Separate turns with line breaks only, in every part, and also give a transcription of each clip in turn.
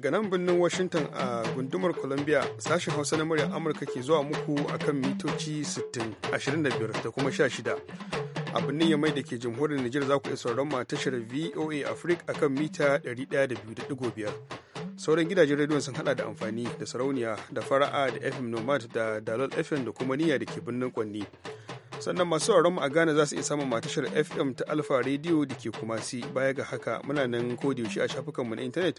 daga nan birnin Washington a gundumar Columbia sashen Hausa na murya Amurka ke zuwa muku akan mitoci 60, 25 da kuma 16. A birnin Yamai da ke jamhuriyar Nijar za ku iya sauran ma tashar VOA Africa akan mita 102.5. Sauran gidajen rediyon sun hada da amfani da sarauniya da fara'a da FM Nomad da Dalol FM da kuma niyya da ke birnin Kwanni. sannan masu mu a Ghana za su iya samun matashar FM ta Alfa Radio da ke kuma si baya ga haka muna nan yaushe a shafukanmu na intanet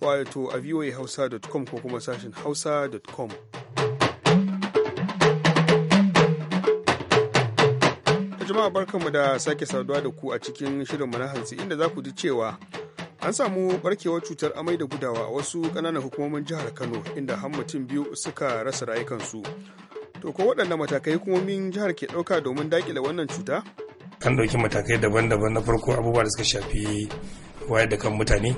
wato a voahausa.com ko kuma sashen hausa.com. jama'a barkanmu da sake saduwa da ku a cikin shirinmu na hantsi inda za ku ji cewa an samu barkewar cutar amai da gudawa a wasu ƙananan hukumomin jihar kano inda har mutum biyu suka rasa rayukansu To ko waɗanne matakai hukumomin jihar ke ɗauka domin daƙile wannan cuta?
An ɗauki matakai daban-daban na farko abubuwa da suka shafi wayar da kan mutane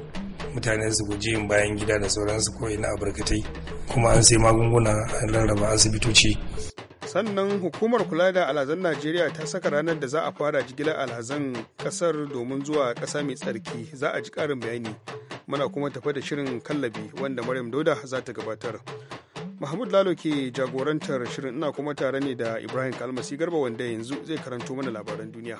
mutane su guji yin bayan gida da sauransu ko ina a barkatai kuma an sai magunguna an rarraba asibitoci
sannan hukumar kula da alhazan najeriya ta saka ranar da za a fara jigilar alhazan kasar domin zuwa ƙasa mai tsarki za a ji ƙarin bayani muna kuma tafa da shirin kallabi wanda maryam dauda za ta gabatar Mahmud Lalo ke jagorantar shirin ina kuma tare ne da Ibrahim Kalmasi Garba wanda yanzu zai karanto mana labaran duniya.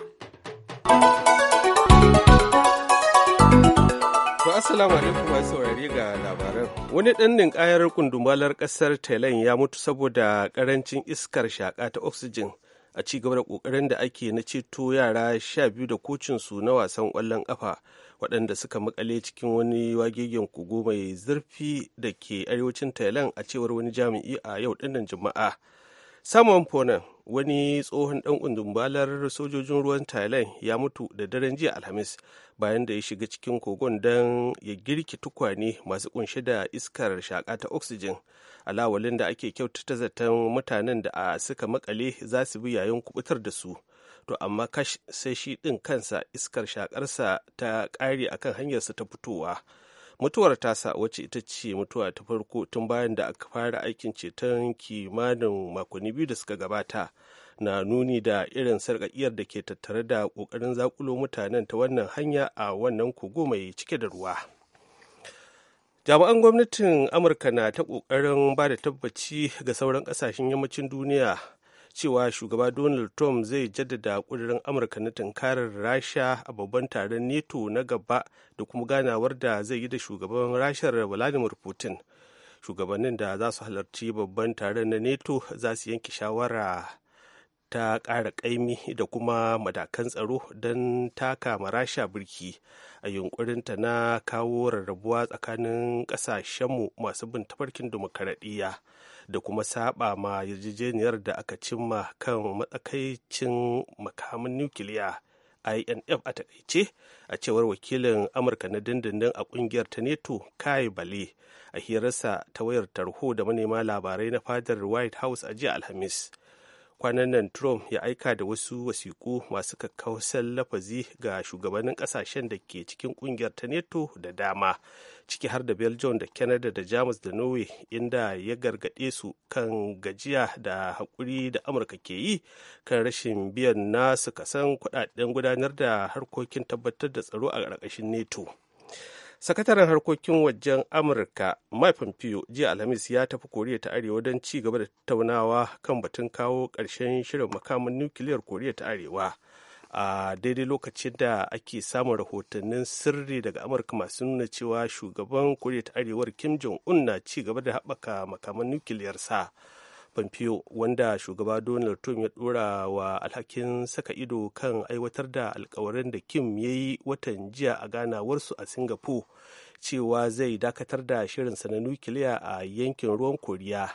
To assalamu
alaikum masu saurari ga labaran. Wani ɗan ninkayar kundumalar ƙasar Thailand ya mutu saboda ƙarancin iskar shaƙa ta oxygen a ci gaba da ƙoƙarin da ake na ceto yara sha biyu da kocinsu na wasan ƙwallon ƙafa waɗanda suka makale cikin wani wagegen kogo mai zurfi da ke arewacin thailand a cewar wani jami'i a yau dinnan juma'a samuwan ponan wani tsohon dan kundumbalar sojojin ruwan thailand ya mutu da daren jiya alhamis bayan da ya shiga cikin kogon don ya girki tukwane masu kunshe da iskar shaka ta oxygen alawalin da ake kyautata zaton mutanen da suka makale za su bi yayin kubutar da su to amma kash sai shi ɗin kansa iskar shakarsa ta ƙare akan hanyarsa ta fitowa mutuwar tasa wacce ita ce mutuwa ta farko tun bayan da aka fara aikin ceton kimanin makonni biyu da suka gabata na nuni da irin sarƙaƙiyar da ke tattare da ƙoƙarin zakulo mutanen ta wannan hanya a wannan kogo mai cike da ruwa jami'an gwamnatin amurka na ta ƙoƙarin ba da tabbaci ga sauran ƙasashen yammacin duniya cewa shugaba donald trump zai jaddada kudirin amurka na tunkarar rasha a babban taron neto na gaba da kuma ganawar da zai yi da shugaban rashar vladimir putin shugabannin da za su halarci babban taron na neto za su yanke shawara ta ƙara ƙaimi da kuma madakan tsaro don taka rasha birki a yunkurinta na kawo rarrabuwa tsakanin ƙasashenmu masu bin tafarkin dimokuraɗiyya da kuma saba ma yarjejeniyar da aka cimma kan matsakaicin makamin nukiliya inf a takaice a cewar wakilin amurka na dindindin a kungiyar ta neto kai bale a hirarsa ta wayar tarho da manema labarai na fadar white house a jiya alhamis kwanan nan trump ya aika da wasu wasiku masu kakkausan lafazi ga shugabannin kasashen da ke cikin kungiyar ta neto da dama ciki har da belgium da canada da jamus da norway inda ya gargade su kan gajiya da haƙuri da amurka ke yi kan rashin biyan nasu kasan kudaden gudanar da harkokin tabbatar da tsaro a ƙarƙashin neto sakataren harkokin wajen amurka mike pompeo jiya alhamis ya tafi koriya ta arewa don ci gaba da tattaunawa kan batun kawo ƙarshen shirin makamin nukiliyar koriya ta arewa a daidai lokacin da ake samun rahotannin sirri daga amurka masu nuna cewa shugaban koriya ta arewar kim jong un na ci gaba da haɓaka makaman nukiliyarsa sa pompeo wanda shugaba donald trump ya dora wa alhakin saka ido kan aiwatar da alkawarin da kim ya yi watan jiya a ganawarsu a singapore cewa zai dakatar da shirinsa na nukiliya a yankin ruwan koriya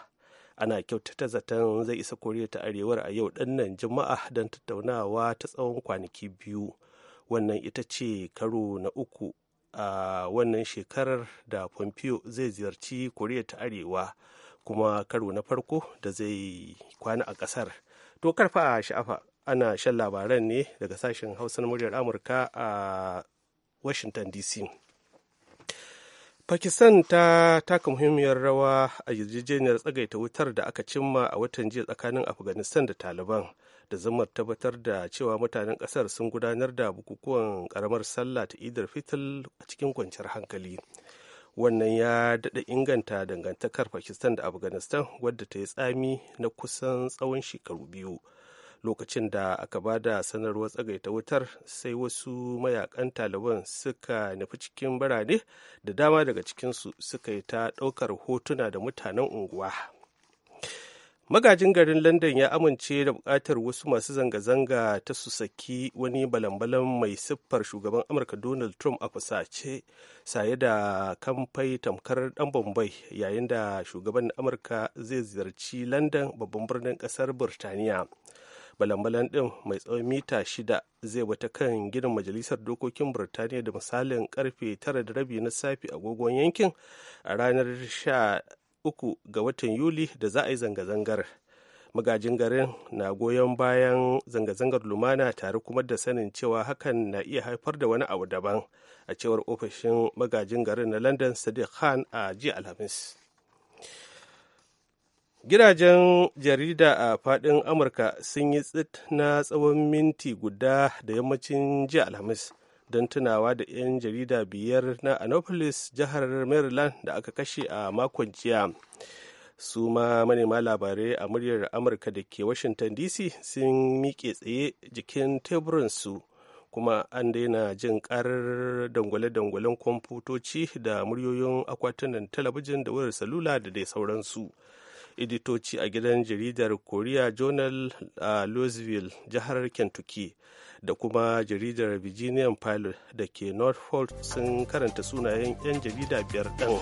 ana kyautata zaton zai isa koriya ta arewar a yau nan jama'a don tattaunawa ta tsawon kwanaki biyu wannan ita ce karo na uku a wannan shekarar da pompeo zai ziyarci koriya ta arewa kuma karo na farko da zai kwana a ƙasar to karfa a sha'afa ana shan labaran ne daga sashen hausa na muryar amurka a washington dc pakistan ta taka muhimmiyar rawa a yarjejeniyar tsagaita wutar da aka cimma a watan jiya tsakanin afghanistan da taliban da zama tabbatar da cewa mutanen kasar sun gudanar da bukukuwan karamar sallah ta idar fitil a cikin kwanciyar hankali wannan ya daɗa inganta dangantakar pakistan da afghanistan wadda ta yi tsami na kusan tsawon shekaru biyu lokacin da aka ba da sanarwar tsagaita wutar sai wasu mayakan taliban suka nufi cikin birane da dama daga cikinsu suka yi ta ɗaukar hotuna da mutanen unguwa magajin garin london ya amince da bukatar wasu masu zanga-zanga ta su saki wani balambalan mai siffar shugaban amurka donald trump a fusace saye da kamfai tamkar dan bombay yayin da shugaban amurka zai ziyarci london babban birnin kasar birtaniya balambalan din mai tsawon mita shida zai bata kan ginin majalisar dokokin birtaniya da misalin karfe tara da rabi na safe agogon yankin a ranar uku ga watan yuli da za a yi zanga-zangar magajin garin na goyon bayan zanga-zangar lumana tare kuma da sanin cewa hakan na iya haifar da wani abu daban a cewar ofishin magajin garin na london sadiq khan a jiya alhamis gidajen jarida a fadin amurka sun yi tsit na tsawon minti guda da yammacin jiya alhamis don tunawa da 'yan jarida biyar na annapolis jihar maryland da aka kashe a makon jiya su ma manema labarai a muryar amurka da ke washington dc sun miƙe tsaye jikin teburinsu kuma an daina jin karar dangwale-dangwalen kwamfutoci da muryoyin akwatunan talabijin da wayar salula da dai sauransu editoci a gidan jaridar korea journal a louisville jihar kentucky da kuma jaridar virginian pilot da ke norfolk sun karanta sunayen 'yan jarida biyar ɗin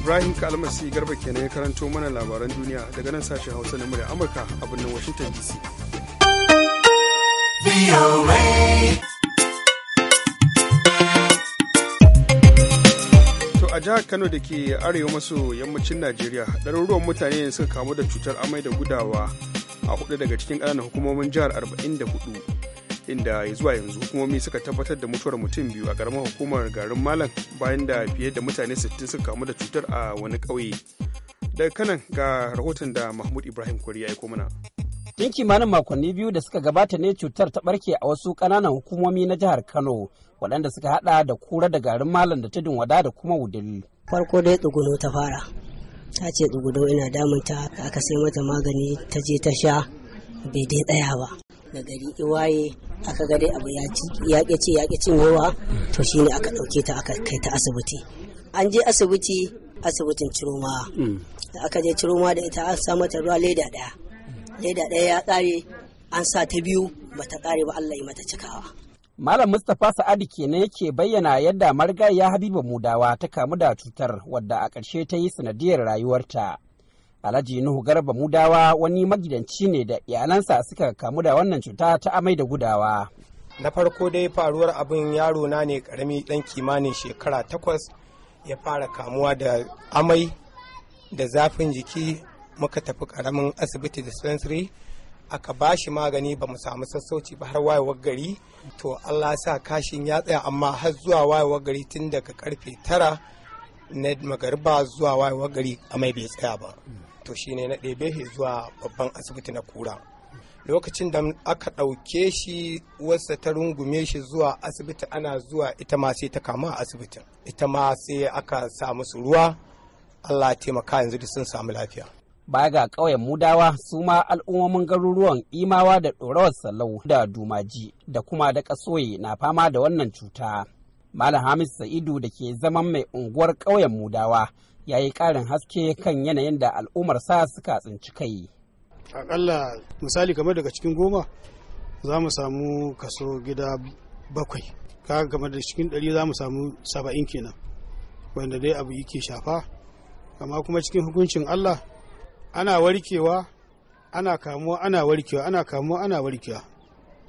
ibrahim kalmasi garba kenan ya karanto mana labaran duniya daga nan sashen hausa na murya amurka a birnin washington dc a jihar Kano da ke arewa maso yammacin Najeriya, ɗaruruwan mutane suka kamu da cutar amai da gudawa a hudu daga cikin ƙananan hukumomin jihar hudu inda zuwa yanzu hukumomi suka tabbatar da mutuwar mutum biyu a ƙaramin hukumar garin Malam bayan da fiye da mutane 60 suka kamu da cutar a wani ƙauye. Daga kanan ga rahoton da Mahmud Ibrahim Kwari ya aiko mana.
Tun kimanin makonni biyu da suka gabata ne cutar ta barke a wasu ƙananan hukumomi na jihar Kano waɗanda suka haɗa da kura da garin malam da tudun wada da kuma wudil. farko dai tsuguno ta fara ta ce tsuguno ina damunta aka sai mata magani ta je ta sha
bai dai tsaya ba
da gari iwaye aka ga dai abu ya ƙi ce ya ƙi yawa to shine aka ɗauke ta aka kai ta asibiti an je asibiti asibitin ciroma mm. da aka je ciroma da ita an sa mata ruwa leda ɗaya leda ɗaya ya ƙare an sa ta biyu bata ƙare ba Allah yi mata cikawa Malam Mustapha Sa'adu kenan yake bayyana yadda ya Habiba Mudawa ta kamu da cutar wadda a ƙarshe ta yi sanadiyar rayuwarta. Alhaji Nuhu Garba Mudawa wani magidanci ne da iyalansa suka kamu da wannan cuta ta amai da gudawa. Na farko dai faruwar abin yaro na ne karami dan kimanin shekara takwas ya fara kamuwa da
amai da zafin jiki muka tafi karamin asibiti dispensary aka ba shi magani ba mu samu sassauci ba har wayewar gari to allah sa kashin ya tsaya amma har zuwa wayewar gari tun daga karfe tara na magariba zuwa wayewar gari amai bai tsaya ba to shine na ɗebe zuwa babban asibiti na kura lokacin da aka ɗauke shi wasa ta rungume shi zuwa asibiti
ana zuwa ita ma sai ta kama a asibitin ita ma sai aka sa musu ruwa allah taimaka yanzu da sun samu lafiya baya ga ƙauyen mudawa su ma al'ummomin garuruwan imawa da ɗorawar salau da dumaji da kuma da ƙasoyi na fama da wannan cuta malam hamis sa'idu da ke zaman mai unguwar ƙauyen mudawa ya yi ƙarin haske kan yanayin da al'ummarsa suka tsinci kai
aƙalla misali kamar daga cikin goma za mu samu kaso gida bakwai kaga kamar da cikin ɗari za mu samu saba'in kenan wanda dai abu yake shafa amma kuma cikin hukuncin allah ana warkewa ana kamuwa ana warkewa ana kamuwa ana warkewa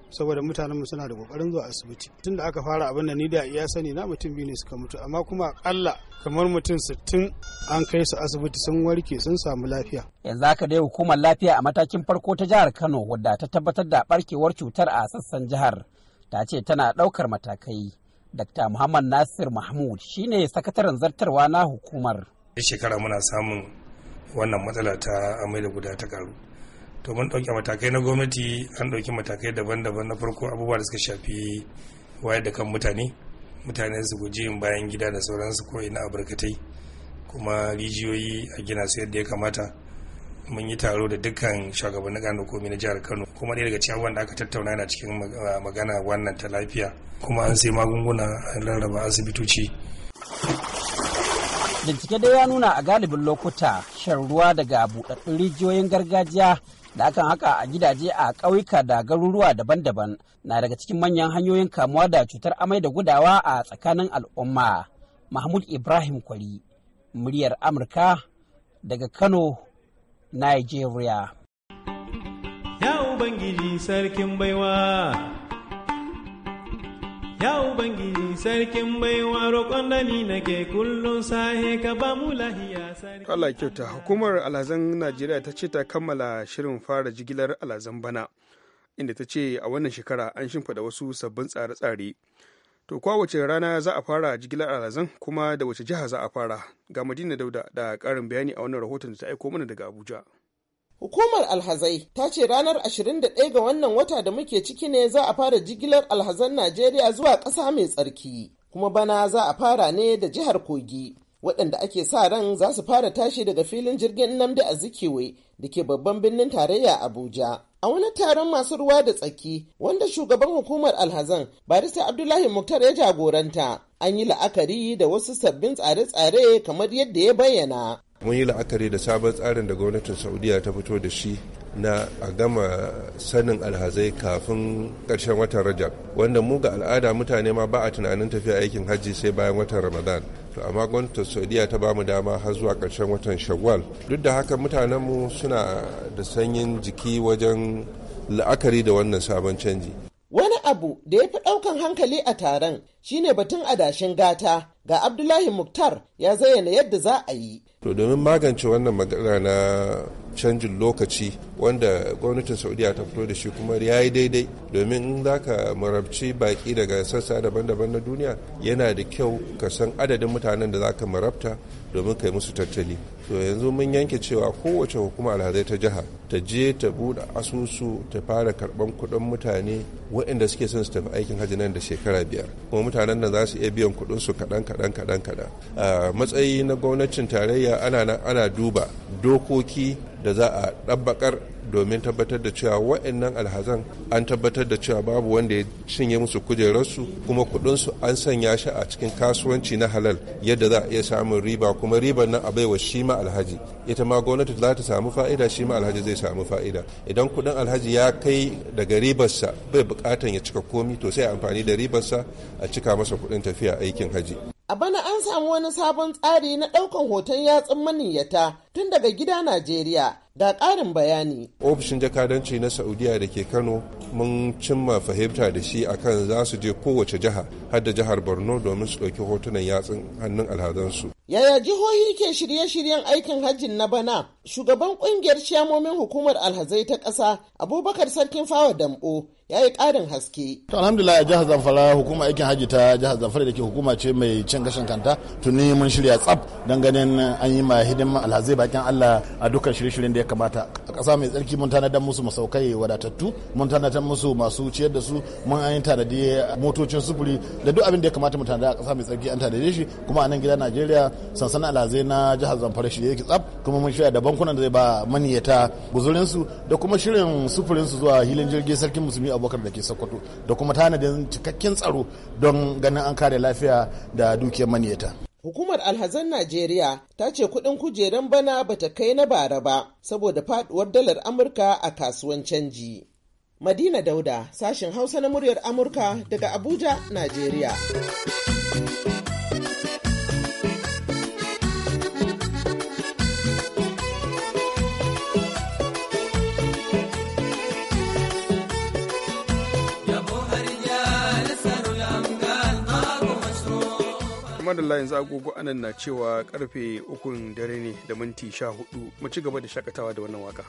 saboda mutanenmu suna da kokarin zuwa asibiti tunda aka fara abin da ni da iya sani na mutum biyu ne suka mutu amma kuma akalla kamar mutum sittin
an kai su asibiti sun warke sun samu lafiya yanzu haka dai hukumar lafiya a matakin farko ta jihar Kano wadda ta tabbatar da barkewar cutar a sassan jihar ta ce tana daukar matakai Dr. Muhammad Nasir Mahmud shine sakataren zartarwa na hukumar
shekara muna samun wannan matsala ta amai da guda ta karu to mun ɗauki matakai na gwamnati an ɗauki matakai daban-daban na farko abubuwa da suka shafi wayar da kan mutane mutane su guji yin bayan gida da sauransu ko ina a barkatai kuma rijiyoyi a gina su yadda ya kamata mun yi taro da dukkan shugabannin kano komi na jihar kano kuma ɗaya daga cikin wanda aka tattauna yana cikin ah, magana wannan ta lafiya kuma an sai magunguna an rarraba asibitoci bincike dai ya nuna
a galibin lokuta shan ruwa daga buɗaɗɗun rijiyoyin gargajiya da akan haka a gidaje a ƙauyuka da garuruwa daban-daban na daga cikin manyan hanyoyin kamuwa da cutar amai da gudawa a tsakanin al'umma mahmud ibrahim kwari muryar amurka daga kano nigeria ya ubangiji sarkin baiwa Ya
Ubangiji sarkin baiwa roƙon da ni nake kullum sahe ka ba mu lahiya sarki. Allah
kyauta hukumar alazan Najeriya ta ce ta kammala shirin fara jigilar alazan bana inda ta ce a wannan shekara an shimfiɗa wasu sabbin tsare-tsare. To kwa wace rana za a fara jigilar alazan kuma da wace jiha za a fara? Ga Madina Dauda da ƙarin bayani a wannan rahoton da ta aiko mana daga Abuja.
Hukumar alhazai ta ce ranar 21 ga wannan wata da muke ciki ne za a fara jigilar alhazan Najeriya zuwa ƙasa mai tsarki, kuma bana za a fara ne da jihar Kogi, waɗanda ake sa ran za su fara tashi daga filin jirgin Nnamdi Azikiwe da ke babban birnin tarayya Abuja. A wani taron masu ruwa da tsaki wanda shugaban hukumar alhazan barista Abdullahi Muktar ya jagoranta an yi la'akari da wasu sabbin tsare-tsare kamar yadda ya bayyana.
mun yi la'akari da sabon tsarin da gwamnatin saudiya ta fito da shi na a gama sanin alhazai kafin karshen watan rajab wanda mu ga al'ada mutane ma ba a tunanin tafiya aikin hajji sai bayan watan ramadan to amma gwamnatin saudiya ta bamu dama har zuwa karshen watan shawwal duk da haka mutanenmu suna da sanyin jiki wajen la'akari da wannan sabon canji wani abu da ya fi ɗaukan hankali a taron
shine batun adashin gata ga abdullahi muktar ya zayyana yadda za a yi
to domin magance wannan magana na canjin lokaci wanda gwamnatin saudiya ta fito da shi kuma ya yi daidai domin in za ka marabci baki daga sassa daban-daban na duniya yana da kyau ka san adadin mutanen da za ka marabta domin kai musu tattali to yanzu mun yanke cewa kowace hukuma alhazai ta jiha ta je ta bude asusu ta fara karban kudin mutane waɗanda suke son su tafi aikin hajji nan da shekara biyar kuma mutanen da za su iya biyan kudin su kaɗan kaɗan kaɗan kaɗan a matsayi na gwamnatin tarayya ana ana duba dokoki da za a ɗabbakar domin tabbatar da cewa wa'annan alhazan an tabbatar da cewa babu wanda ya cinye musu kujerarsu kuma kuɗinsu an sanya shi a cikin kasuwanci na halal yadda za a iya samun riba kuma ribar nan a baiwa shi alhaji ita ma gwamnati za ta samu fa'ida shi alhaji zai samu fa'ida idan kuɗin alhaji ya kai daga ribarsa bai buƙatar ya cika komi to sai amfani da ribarsa a cika masa kuɗin tafiya aikin haji
A bana an samu wani sabon tsari na ɗaukan hoton yatsun maniyyata tun daga gida Najeriya. Ga ƙarin bayani.
Ofishin jakadanci na Saudiya da ke Kano mun cimma fahimta da shi akan za su je kowace jiha har da jihar Borno domin su ɗauki hotunan yatsun hannun alhazansu.
Yaya jihohi ke shirye-shiryen aikin hajjin na bana? Shugaban ƙungiyar ciyamomin hukumar alhazai ta ƙasa Abubakar Sarkin Fawa Dambo ya yi ƙarin haske.
To alhamdulillah jihar Zamfara hukuma aikin hajji ta jihar Zamfara da ke hukuma ce mai cin gashin kanta tuni mun shirya tsaf don ganin an yi ma hidiman alhazai bakin Allah a dukkan shirye-shiryen da ya kamata. A ƙasa mai tsarki mun tanadar musu masaukai wadatattu mun tanadar musu masu ciyar da su mun an yi tanadi motocin sufuri da duk abin da ya kamata mu tanada a ƙasa mai tsarki an tanade shi kuma a nan gida Najeriya sansanin alhazai na jihar Zamfara shirye yake tsaf kuma mun shirya da bankunan da zai ba maniyata guzurinsu da kuma shirin sufurinsu zuwa hilin jirgin sarkin musulmi abubakar da ke sokoto da kuma tanadin cikakken tsaro don ganin an kare lafiya da dukiyar maniyata
Hukumar Alhazan Najeriya ta ce kuɗin kujeran bana bata kai na bara ba saboda faduwar dalar Amurka a kasuwan canji. Madina Dauda, sashen Hausa na muryar Amurka daga Abuja, Najeriya.
kamar da layin agogo anan na cewa karfe ukun dare ne da minti sha hudu mu ci gaba da shakatawa da wannan waka.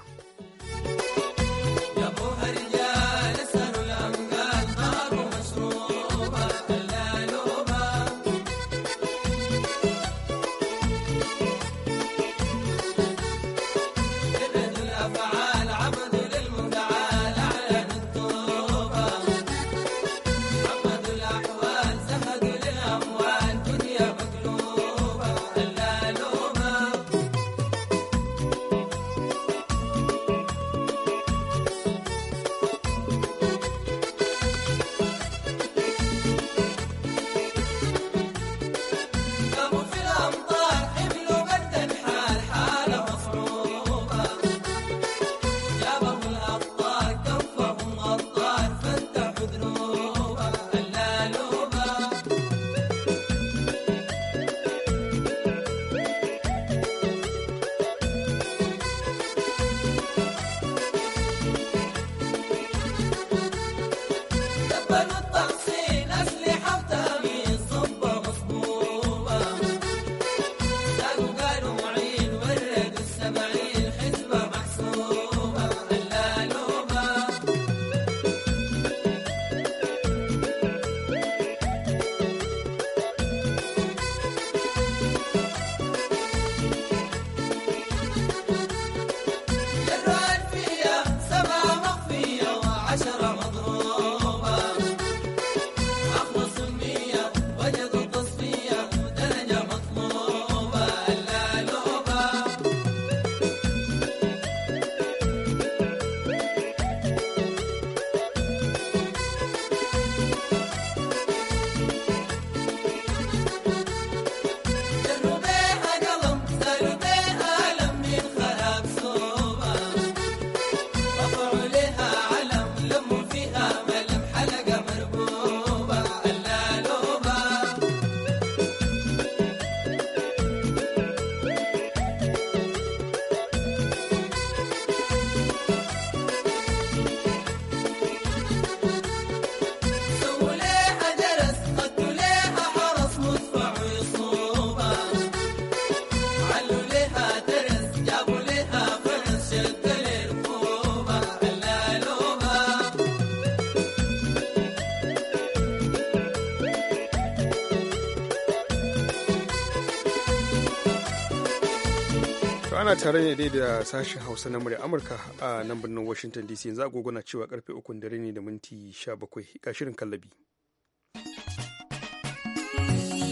tare ne dai da sashen hausa na murya amurka a nan birnin washington dc yanzu agogona cewa karfe ukun dare ne da minti 17 ga shirin kallabi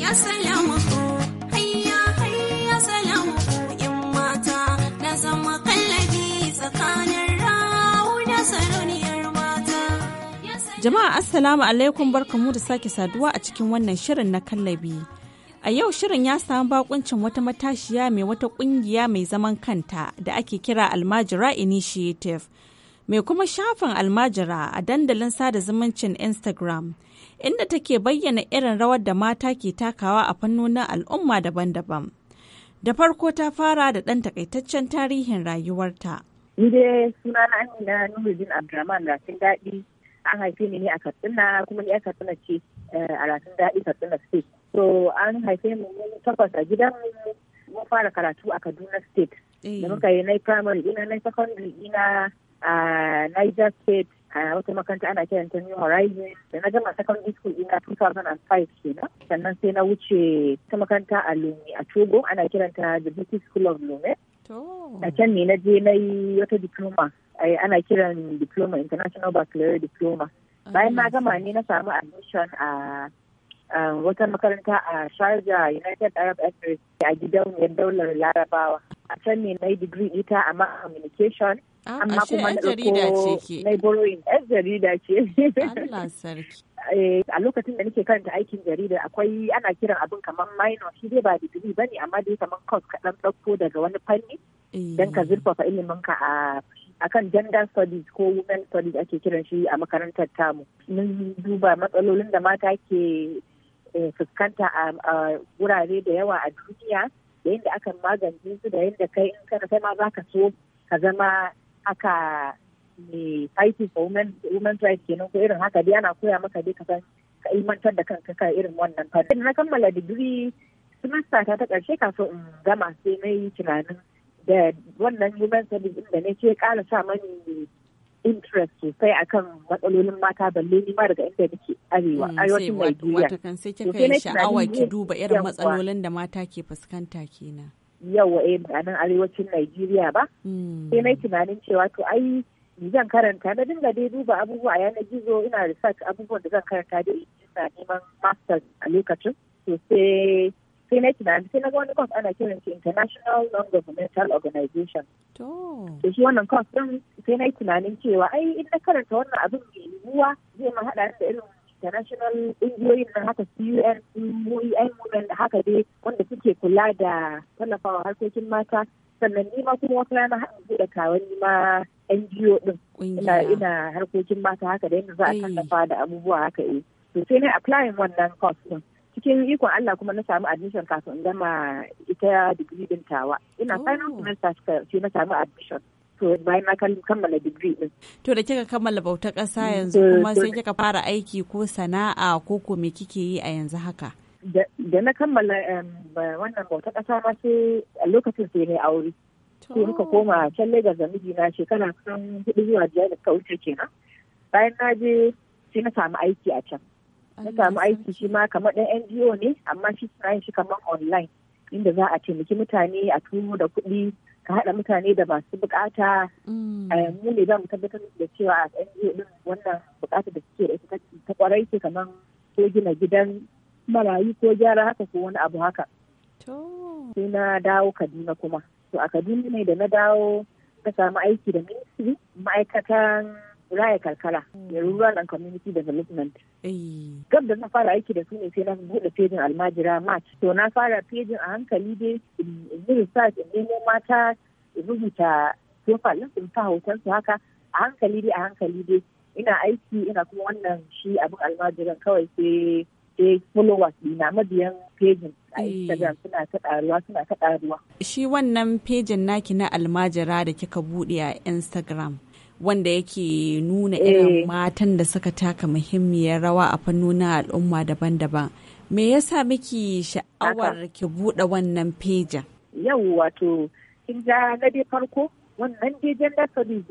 ya tsakanin mata jama'a assalamu alaikum barkamu da sake saduwa a cikin wannan shirin na kallabi A yau shirin ya samu bakuncin wata matashiya mai wata kungiya mai zaman kanta da ake kira Almajira Initiative, mai kuma shafin Almajira a dandalin sada zumuncin Instagram, inda take bayyana irin rawar da mata ke takawa a fannonin al'umma daban-daban. Da farko ta fara da ɗan takaitaccen tarihin rayuwarta.
Ni dai na Amina Nuruddin Abdulrahman Rafin Daɗi, an haife ni ne a Katsina kuma ni a Katsina ce. Eh, a daɗi katsina state so an haife mu takwas a gidan mun fara karatu a kaduna state eh. da muka yi na primary ina na secondary ina a niger state a wata makaranta ana kiran ta New Horizon da na gama secondary school ina 2005 kenan sannan sai na wuce ta makaranta a Lumi a Togo ana kiranta the British School of Lumi a can ne na je na yi wata diploma eh, ana kiran diploma international baccalaureate diploma bayan na gama ne na samu admission a wata makaranta a Sharjah United Arab Emirates a gidan daular Larabawa. A can ne na yi ita ah, amma communication. Amma kuma na ɗauko na borrowing yan jarida ce. Eh, a lokacin da nake karanta aikin jarida akwai ana kiran abin kamar minor shi dai ba digiri ba ne amma dai kamar course kaɗan ɗauko daga wani fanni. Eh. Don ka zurfafa ka a akan gender studies ko women studies ake kiran shi a makarantar tamu mun duba matsalolin da mata ke eh, fuskanta a wurare da yawa a duniya da yadda aka magance su da yadda kai in kana kai ma za ka so ka zama haka mai fighting for women rights kenan ko irin haka dai ana koya maka dai ka san ka ilmantar da kanka kan irin wannan fannin na kammala digiri semester ta ta karshe kafin in gama sai na yi tunanin da wannan human service da ne ke kara sa mani interest sosai akan matsalolin mata balle ni ma daga inda nake arewa mm, arewacin Najeriya. Wata kan sai kika yi sha'awa ki duba irin matsalolin
da mata ke fuskanta kenan.
Yawa eh a nan arewacin Najeriya ba. Mm. Sai na tunanin cewa to ai zan karanta na dinga dai duba abubuwa a yanar gizo ina research abubuwan da zan karanta dai ina neman masters a lokacin. To sai na tunani sai na ga wani kwas ana kiran shi international non governmental organization to wannan kwas din sai na tunanin cewa ai in na karanta wannan abin mai yiwuwa zai ma hada da irin international ƙungiyoyin nan haka UN, UN Women da haka dai wanda suke kula da tallafawa harkokin mata sannan nima kuma wata rana haɗin buɗe kawai nima NGO din ina harkokin mata haka da yadda za a tallafa da abubuwa haka eh to sai na applying wannan course ɗin cikin ikon Allah kuma na samu admission kafin in gama ita digiri din tawa ina oh. final semester sai na samu admission to bayan na kammala digiri din to da kika kammala bauta ƙasa mm. yanzu kuma sai kika
fara aiki ko sana'a ko ko me kike yi a yanzu haka
da na kammala wannan bauta ƙasa ma sai a lokacin sai ne aure sai muka koma can Lagos da mijina shekara kan hudu zuwa biyar da suka wuce kenan bayan na je sai na samu aiki a can na samu aiki shi ma kamar ɗan NGO ne amma shi suna shi kamar online inda za a taimaki mutane a turo da kuɗi ka haɗa mutane da masu bukata mm. eh, mu ne za mu tabbatar da cewa a NGO din wannan bukata da suke da ita ta kwarai ce kamar ko gina gidan marayu ko gyara haka ko wani abu haka.
Sai
na dawo Kaduna kuma. To a Kaduna ne da na dawo na samu aiki da ministry ma'aikatan raya karkara da rural and community development gab da na fara aiki da su ne sai na bude fejin almajira March. to na fara fejin a hankali dai in yi research in nemo mata rubuta profile na ta hoton su haka a hankali dai a hankali dai ina aiki ina kuma wannan shi abin almajiran kawai sai sai followers dina mabiyan fejin a Instagram suna ta ƙaruwa suna ta ƙaruwa.
Shi wannan fejin naki na almajira da kika buɗe a Instagram wanda yake nuna eh. irin matan da suka taka muhimmiyar rawa a fannonin al'umma daban-daban. Me yasa miki sha'awar ki buɗe wannan fejin?
Yau wato, kin ga gade farko wannan dai gender studies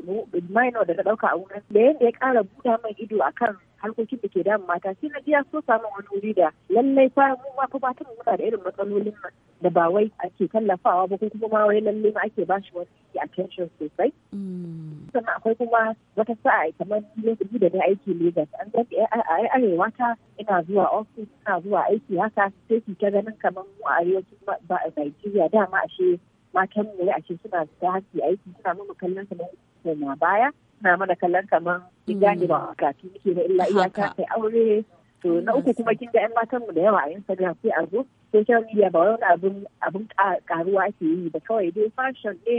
minor da ta ɗauka a wurin da yadda ya kara buta mai ido a kan harkokin da ke damun mata shi na biya so samun wani wuri da lallai fa mu ma fa ta muna da irin matsalolin da ba wai ake tallafawa ba ko kuma ma wai lallai ma ake bashi wani attention sosai
mm.
sannan akwai kuma wata sa'a kamar lokaci da na aiki Lagos an ga a arewa ta ina zuwa office ina zuwa aiki haka sai ki ta ganin kamar mu a ba a Najeriya dama ashe matan mu a ce suna da haƙƙi aiki suna mana kallon kamar koma baya suna mana kallon kamar mm. gida ne ba kafin muke da illa iyaka kai aure to na uku kuma kin ga 'yan matan mu da yawa a Instagram sai a zo social media ba wani abin karuwa ake yi ba kawai dai fashion ne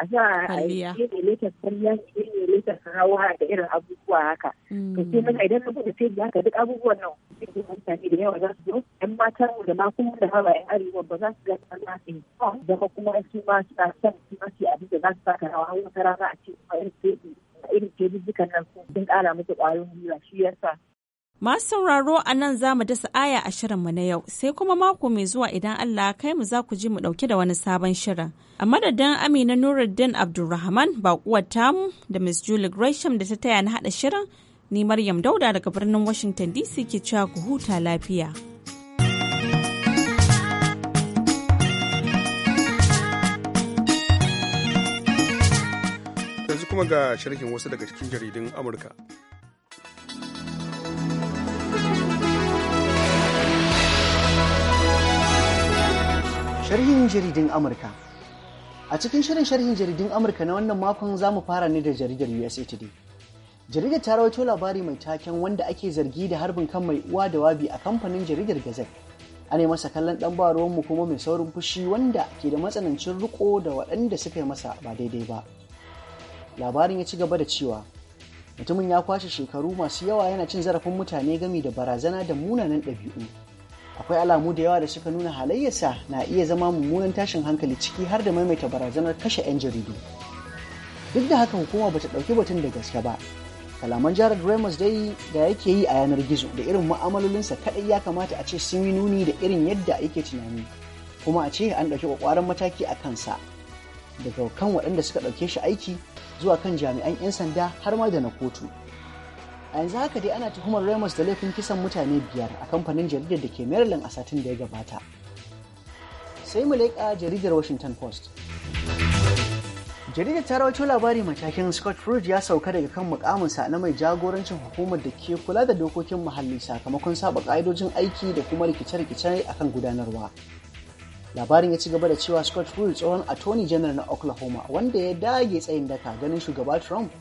a sa a yi ta karya ne ta rawa da irin abubuwa haka mm. to sai mun idan na bude sai haka duk abubuwan nan sai mutane da yawa za su zo yan mata mu da ma kuma da hawa yan arewa ba za su ga kana sai zama kuma su ma suna san su ma su abin da za su saka rawa har wata rana a ce irin sai irin ke nan sun kara musu kwayoyin gwiwa shi yasa
Masu sauraro a nan za mu dasa aya a shirinmu na yau sai kuma mako mai zuwa idan Allah kai mu za ku ji mu ɗauke da wani sabon shirin. A madadin Amina Nuruddin Abdulrahman baƙuwar tamu da Miss Julie Gresham da ta taya na haɗa shirin ni Maryam Dauda daga birnin Washington DC ke cewa ku huta lafiya.
Yanzu kuma ga sharhin wasu daga cikin jaridun Amurka.
sharhin jaridin Amurka. A cikin shirin sharhin jaridun Amurka na wannan makon za mu fara ne da jaridar USA Today. Jaridar ta rawaito labari mai taken wanda ake zargi da harbin kan mai uwa da wabi a kamfanin jaridar Gazette. Ana masa kallon dan mu kuma mai saurin fushi wanda ke da matsanancin riko da waɗanda suka yi masa ba daidai ba. Labarin ya ci gaba da cewa mutumin ya kwashe shekaru masu yawa yana cin zarafin mutane gami da barazana da munanan ɗabi'u. akwai alamu da yawa da suka nuna halayyarsa na iya zama mummunan tashin hankali ciki har da maimaita barazanar kashe 'yan jaridu duk da haka hukuma bata ɗauki batun da gaske ba kalaman jared ramos dai da yake yi a yanar gizo da irin ma'amalolinsa kaɗai ya kamata a ce sun yi nuni da irin yadda yake tunani kuma a ce an ɗauki kwakwaran mataki a kansa daga kan waɗanda suka ɗauke shi aiki zuwa kan jami'an 'yan sanda har ma da na kotu a yanzu haka dai ana tuhumar Ramos da laifin kisan mutane biyar a kamfanin jaridar da ke Maryland a satin da ya gabata. Sai mu leƙa jaridar Washington Post. Jaridar ta rawaito labari matakin Scott Fruit ya sauka daga kan mukaminsa na mai jagorancin hukumar da ke kula da dokokin muhalli sakamakon saba ka'idojin aiki da kuma rikice-rikice akan gudanarwa. labarin ya ci gaba da cewa scott Fruit tsohon attorney general na oklahoma wanda ya dage tsayin daka ganin shugaba trump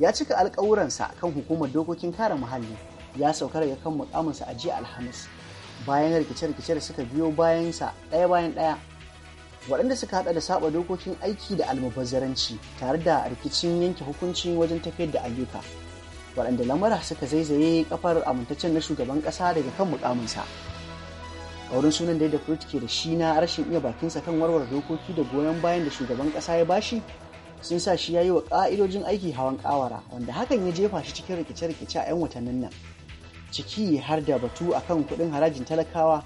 ya cika alkawuransa kan hukumar dokokin kare muhalli ya sauka daga kan mukaminsa a jiya alhamis bayan rikice-rikice da suka biyo bayan sa ɗaya bayan ɗaya waɗanda suka haɗa da saba dokokin aiki da almubazzaranci tare da rikicin yanke hukunci wajen tafiyar da ayyuka waɗanda lamura suka zaizaye kafar amintaccen na shugaban ƙasa daga kan mukaminsa ƙaurin sunan da da ke da shi na rashin iya bakinsa kan warware dokoki da goyon bayan da shugaban ƙasa ya bashi sun sa shi ya yi wa ƙa'idojin aiki hawan ƙawara wanda hakan ya jefa shi cikin rikice-rikice a 'yan watannin nan ciki har da batu a kan kuɗin harajin talakawa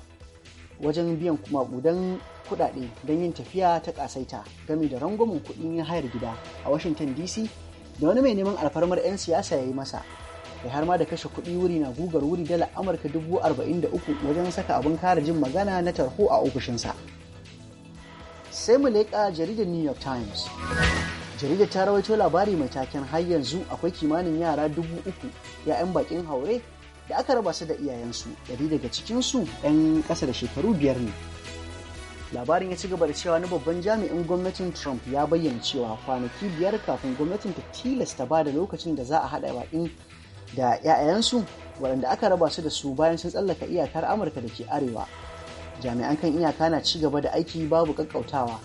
wajen biyan maƙudan kuɗaɗe don yin tafiya ta ƙasaita Gami da rangwamen kuɗin hayar gida a washington dc da wani mai neman alfarmar 'yan siyasa ya yi masa kai har ma da kashe kuɗi wuri na gugar wuri dala amurka dubu arba'in da uku wajen saka abin kare jin magana na tarho a ofishinsa sai mu leƙa jaridar new york times jaridar ta rawaito labari mai taken har yanzu akwai kimanin yara dubu uku 'ya'yan bakin haure da aka raba su da iyayensu dari daga cikinsu 'yan ƙasa da shekaru biyar ne labarin ya ci gaba da cewa na babban jami'in gwamnatin trump ya bayyana cewa kwanaki biyar kafin gwamnatin ta tilasta ba da lokacin da za a haɗa baƙin da 'ya'yansu waɗanda aka raba su da su bayan sun tsallaka iyakar amurka da ke arewa jami'an kan iyaka na ci gaba da aiki babu ƙaƙƙautawa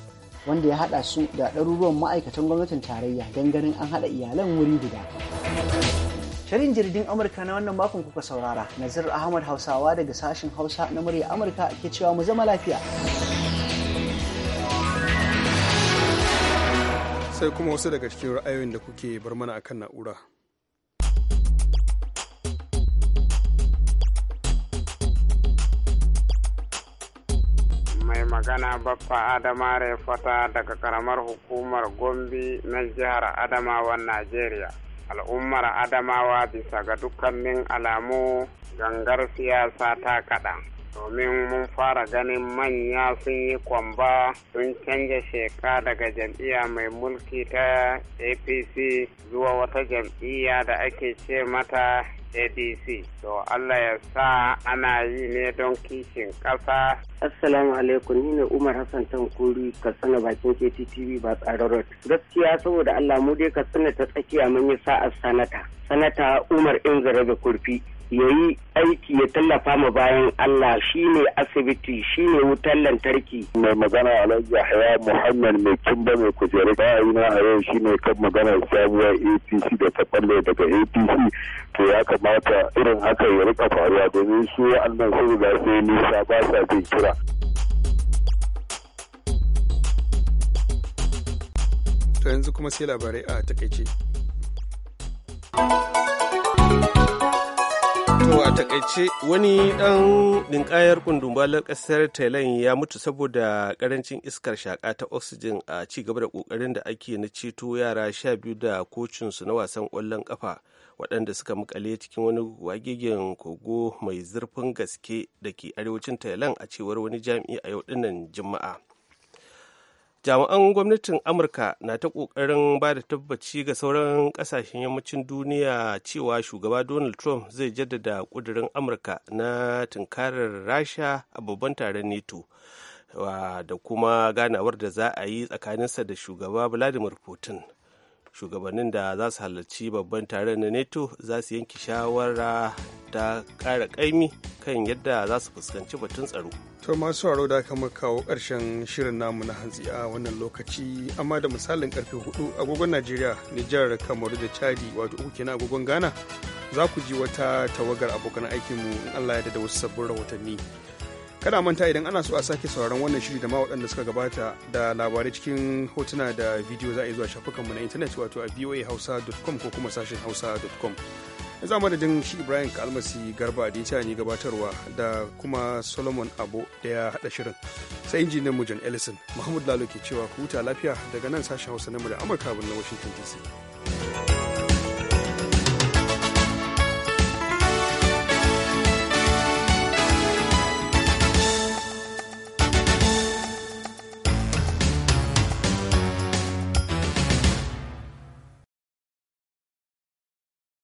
wanda ya haɗa su da ɗaruruwan ma'aikatan gwamnatin tarayya don ganin an haɗa iyalan wuri guda. Shirin jirgin Amurka na wannan makon kuka saurara, Nazir Ahmad Hausawa daga sashen Hausa na murya Amurka ke cewa mu zama lafiya.
Sai kuma wasu daga cikin ra'ayoyin da kuke bar mana akan na'ura.
magana baffa adama fata daga karamar hukumar gombe na jihar adamawan najeriya al'ummar adamawa bisa ga dukkanin alamu gangar siyasa ta kaɗa domin mun fara ganin manya sun yi kwamba sun canja sheka daga jam'iyya mai mulki ta apc zuwa wata jam'iyya da ake ce mata ADC. To Allah ya sa ana yi ne don kishin ƙasa. Assalamu alaikum ni ne Umar Hassan Tankuri Katsina bakin
KTTV ba tsararot. Gaskiya saboda Allah mu dai Katsina ta tsakiya mun yi sa'a sanata.
Sanata Umar Inzara da Kurfi. ya yi aiki ya tallafa ma bayan Allah
shine asibiti shine wutar lantarki. Mai magana Alhaji Yahaya Muhammad mai kimba mai kujeru ba a yau shine kan magana sabuwar APC da ta balle daga APC to ya kamata irin haka ya rika faruwa domin su wa'annan sun riga sai nisa ba sa bin kira.
To yanzu kuma sai labarai a takaice.
takaice wani dan ninkayar kundumbalar kasar thailand ya mutu saboda karancin iskar shaka ta oxygen a ci gaba da kokarin da ake na ceto yara sha biyu da kocinsu na wasan kwallon kafa waɗanda suka makale cikin wani wagegen kogo mai zurfin gaske da ke arewacin thailand a cewar wani jami'i a yau dinnan juma'a jami'an gwamnatin amurka na ta kokarin ba da tabbaci ga sauran kasashen yammacin duniya cewa shugaba donald trump zai jaddada kudirin amurka na tunkarar rasha a babban taron neto da kuma ganawar da za a yi tsakaninsa da shugaba vladimir putin shugabannin da za su halarci babban taron na neto za su yanke shawara ta kara ƙaimi kan yadda za su fuskanci
batun tsaro to masu sauraro da aka kawo ƙarshen shirin namu na hantsi a wannan lokaci amma da misalin karfe hudu agogon najeriya nijar kamaru da chadi wato uku kenan agogon ghana za ku ji wata tawagar abokan aikinmu in allah ya da wasu sabbin rahotanni kada manta idan ana so a sake sauraron wannan shiri da ma waɗanda suka gabata da labarai cikin hotuna da bidiyo za a yi zuwa shafukanmu na intanet wato a voahausa.com ko kuma sashen hausa.com za mu da shi ibrahim kalmasi garba da ya ni gabatarwa da kuma solomon abo da ya haɗa shirin sai injiniyan mu john ellison muhammadu lalo ke cewa ku huta lafiya daga nan sashen hausa na amurka na washington dc